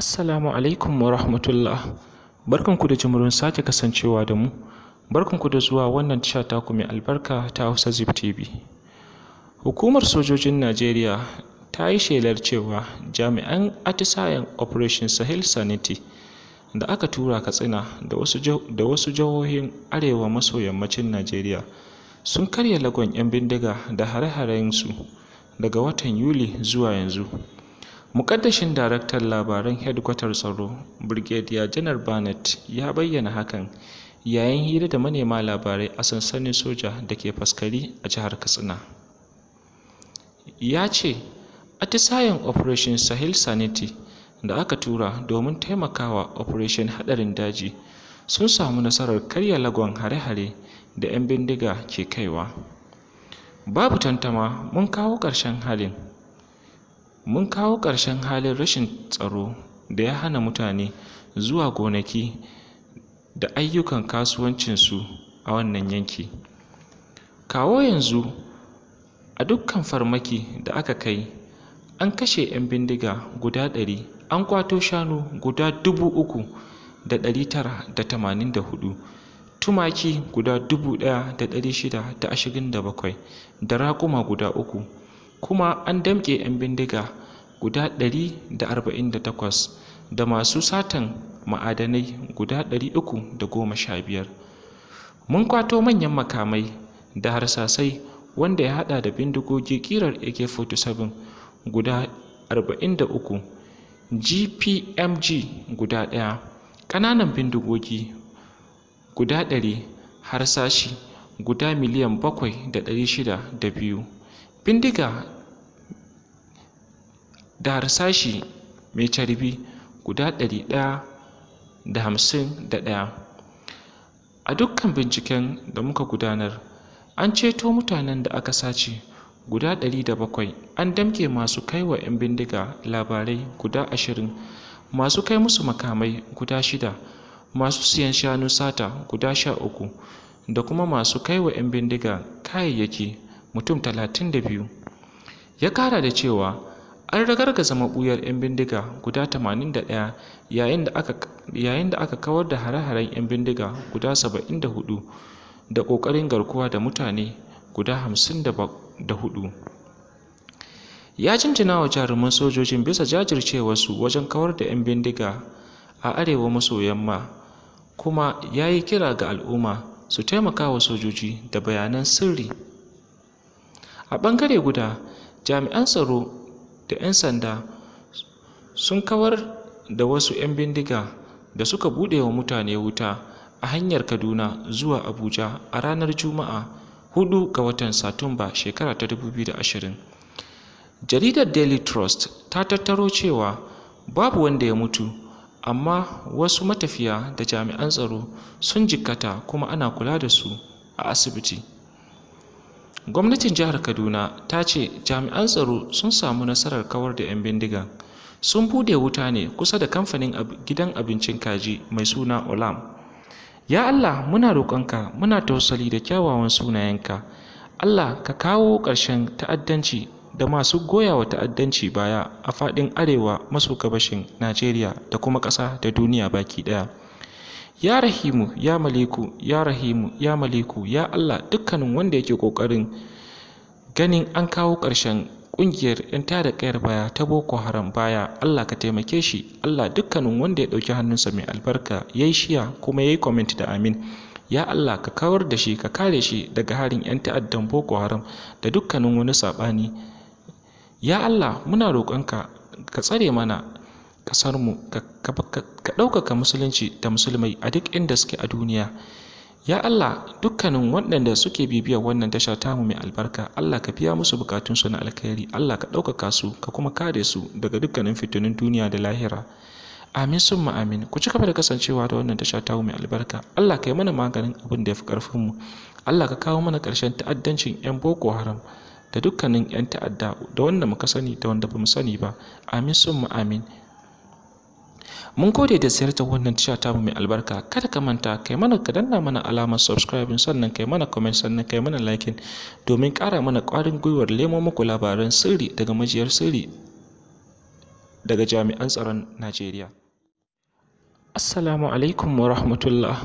Assalamu alaikum wa rahmatullah. Barkanku da jimurin sake kasancewa da mu. Barkanku da zuwa wannan tasha taku mai albarka ta Hausa Zip TV. Hukumar sojojin Najeriya ta yi shelar cewa jami'an atisayen Operation Sahel Sanity da aka tura Katsina da wasu jihohin arewa maso yammacin Najeriya sun karya lagon 'yan bindiga da hare-harensu daga watan Yuli zuwa yanzu. Mukaddashin Daraktan Labaran Hedkwatar Tsaro, Birgediya Janar barnett ya bayyana hakan yayin hira da manema labarai a sansanin soja da ke Faskari a jihar Katsina. Ya ce, atisayen Operation Sahel Sanity da aka tura domin taimakawa Operation Hadarin Daji sun samu nasarar karya lagon hare-hare da 'yan bindiga ke kaiwa. Babu tantama mun kawo ƙarshen halin. Mun kawo ƙarshen halin rashin tsaro da ya hana mutane zuwa gonaki da ayyukan kasuwancinsu a wannan yanki. Kawo yanzu, a dukkan farmaki da aka kai, an kashe 'yan bindiga guda ɗari an ƙwato shanu guda dubu uku da ɗari tara tumaki guda dubu da ɗari da raƙuma guda uku. kuma an damƙe 'yan bindiga guda 148 da masu satan ma'adanai guda 315 mun kwato manyan makamai da harsasai wanda ya hada da bindigogi kirar ak-47 guda 43 gpmg guda 1 ƙananan bindigogi guda 100 harsashi guda miliyan biyu. bindiga da harsashi mai carbi guda ɗari ɗaya da hamsin da ɗaya a dukkan binciken da muka gudanar an ceto mutanen da aka sace guda ɗari da bakwai an damke masu kai wa 'yan bindiga labarai guda ashirin masu kai musu makamai guda shida masu siyan shanu sata guda sha uku da kuma masu kai wa 'yan bindiga kayayyaki mutum 32 ya kara da cewa an ragar ragargaza mabuyar 'yan bindiga guda 81 yayin da aka kawar da hare-haren 'yan bindiga guda 74 da ƙoƙarin garkuwa da mutane guda 54 ya jinjina wa jaruman sojojin bisa jajircewarsu wajen kawar da 'yan bindiga a arewa maso yamma kuma ya yi kira ga al'umma su taimaka wa sojoji da bayanan sirri a ɓangare guda jami'an tsaro da 'yan sanda sun kawar da wasu 'yan bindiga da suka buɗe wa mutane wuta a hanyar kaduna zuwa abuja a ranar juma'a 4 ga watan satumba shekara ta 2020 jaridar daily trust ta tattaro cewa babu wanda ya mutu amma wasu matafiya da jami'an tsaro sun jikkata kuma ana kula da su a asibiti gwamnatin jihar kaduna ta ce jami'an tsaro sun samu nasarar kawar da 'yan bindigan sun bude wuta ne kusa da kamfanin gidan abincin kaji mai suna olam ya allah muna roƙonka muna tausali da kyawawan sunayenka allah ka kawo ƙarshen ta'addanci da masu goya wa ta'addanci baya a faɗin arewa maso gabashin najeriya da kuma ƙasa da duniya baki ɗaya Ya Rahimu, ya Maliku, ya Rahimu, ya Maliku, ya Allah dukkanin wanda yake kokarin ganin an kawo karshen ƙungiyar 'yan tada ƙayar baya ta Boko Haram baya Allah ka taimake shi Allah dukkanin wanda ya ɗauki hannunsa mai albarka ya yi shiya kuma ya yi kwamenti da amin ya Allah ka kawar da shi ka kare shi daga harin 'yan ta'addan Boko Haram da dukkanin wani saɓani ya Allah muna roƙonka ka tsare mana mu ka ɗaukaka musulunci da musulmai a duk inda suke a duniya ya Allah dukkanin waɗanda suke bibiyar wannan tasha tamu mai albarka Allah ka biya musu bukatunsu na alkhairi Allah ka ɗaukaka su ka kuma kare su daga dukkanin fitinin duniya da lahira amin sun amin ku ci gaba da kasancewa da wannan tasha tamu mai albarka Allah ka yi mana maganin abin da ya fi ƙarfinmu Allah ka kawo mana ƙarshen ta'addancin 'yan boko haram da dukkanin 'yan ta'adda da wanda muka sani da wanda bamu sani ba amin sun amin mun gode da ziyartar wannan tisha ta mai albarka kada ka manta kai mana ka danna mana alamar subscribe sannan kai mana comment sannan kai mana liking domin kara mana ƙwarin gwiwar lemo muku labaran sirri daga majiyar sirri daga jami'an tsaron Najeriya assalamu alaikum wa rahmatullah